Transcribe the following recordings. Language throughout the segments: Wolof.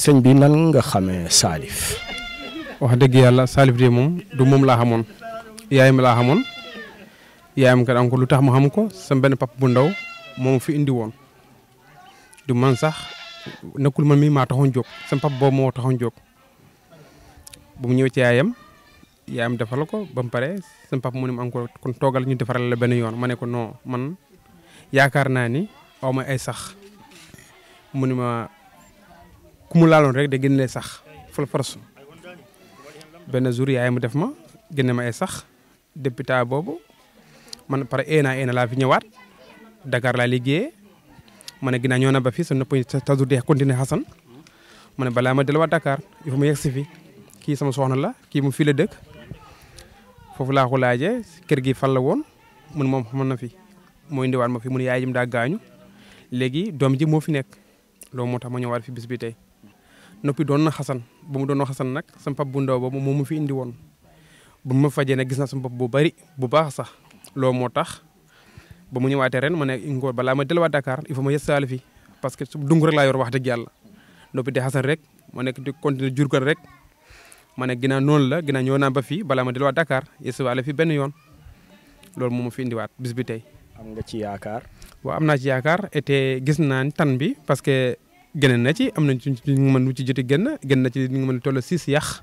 señ bi nan nga xamé Salif. wax deug yalla Salif de mom du moom laa xamoon yaayam laa xamoon yaayam kat encore lu tax ma xam ko sam ben pap bu ndaw mom fi indi won du man sax nekul man mi ma taxone jog sam pap bo mo taxone jog bu mu ñew ci yaayam yaayam defal ko bam paré pare pap mu ne ma kon togal ñu defal la ben yoon mané ko non man yaakar na ni awma ay sax mu ma ku laa loolu rek da génne sax fal force benn jour yaay mu def ma génne ma ay sax députat boobu man pare eena eena laa fi ñëwaat Dakar laa liggéeyee ma ne ginnaaw ñoo na ba fii sa nopp tasu dee continuer ne balaa ma delluwaat Dakar il fi kii sama soxna la kii mu fii la dëkk kër gi fan la woon mun moom na fi mooy indiwaat ma fi mun yaay jëm daa gaañu léegi doom ji moo fi nekk loolu moo tax ma ñëwaat fi bis bi tey noppi doon na xasan ba mu doon xasan nag sama pap bu ndaw ba moom fi bu bari bu baax sax loo moo tax ba mu ñëwaatee ren ma ne ngoor balaa ma delluwaat Dakar il faut ma yëssaale fi parce que dung rek laa yor wax dëgg yàlla noppi di xasan rek ma nekk di continuer jurgal rek ma ne ginnaaw noonu la ginnaaw ñëw naa ba fii balaa ma delluwaat Dakar yëssaale fi benn yoon loolu moo ma fi indiwaat bis bi tey. am nga ci yaakaar. waaw am naa ci yaakaar et gis naa tan bi parce que. geneen na ci am nañ ci ñu mën ci jëti genn genn na ci ñu mën toll six yax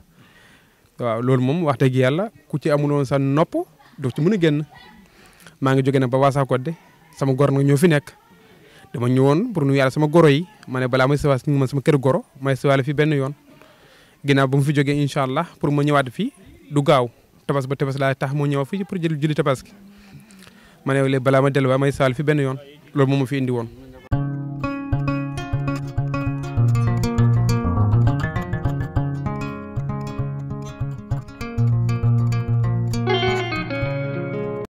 waaw loolu moom wax dëgg yàlla ku ci amuloon sa nopp doo ci mën a génn maa ngi jóge nag ba Waasaakodde sama gor nag ñoo fi nekk dama ñëwoon pour nuyu yàlla sama goro yi ma ne balaa may sawaas ñu mën sama kër goro may sawaale fi benn yoon ginnaaw ba mu fi jógee incha allah pour ma ñëwaat fii du gaaw tabas ba tabas laa tax moo ñëw fi pour jël julli tabaski ma ne balaa ma delluwaat may sawaale fi benn yoon loolu moom ma fi indi woon